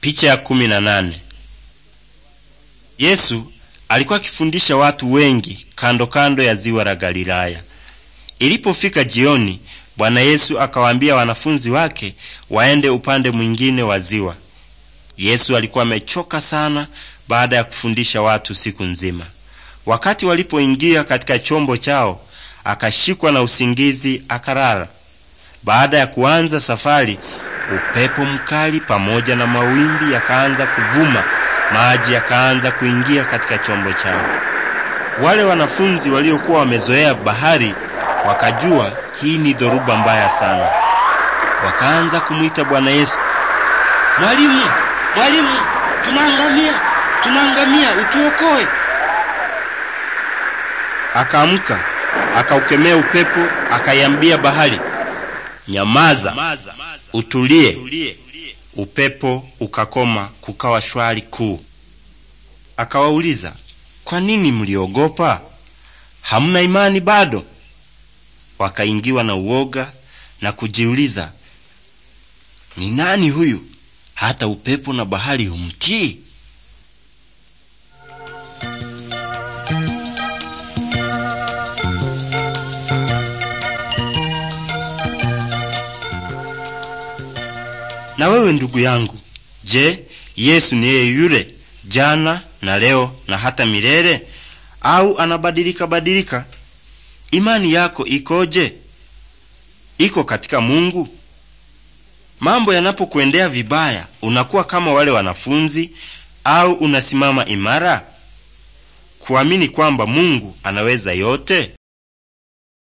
Picha ya kumi na nane. Yesu alikuwa akifundisha watu wengi kando kando ya ziwa la Galilaya. Ilipofika jioni, Bwana Yesu akawaambia wanafunzi wake waende upande mwingine wa ziwa. Yesu alikuwa amechoka sana baada ya kufundisha watu siku nzima. Wakati walipoingia katika chombo chao, akashikwa na usingizi akalala. Baada ya kuanza safari, upepo mkali pamoja na mawimbi yakaanza kuvuma, maji yakaanza kuingia katika chombo chao. Wale wanafunzi waliokuwa wamezoea bahari wakajua hii ni dhoruba mbaya sana. Wakaanza kumwita Bwana Yesu, mwalimu, mwalimu, tunaangamia, tunaangamia, utuokoe. Akaamka, akaukemea upepo, akaiambia bahari, nyamaza, utulie. Upepo ukakoma, kukawa shwari kuu. Akawauliza, kwa nini mliogopa? Hamna imani bado? Wakaingiwa na uoga na kujiuliza, ni nani huyu hata upepo na bahari humtii? Na wewe ndugu yangu, je, Yesu ni yeye yule jana na leo na hata milele, au anabadilika badilika? Imani yako ikoje? Iko katika Mungu? Mambo yanapokuendea vibaya, unakuwa kama wale wanafunzi au unasimama imara kuamini kwamba Mungu anaweza yote?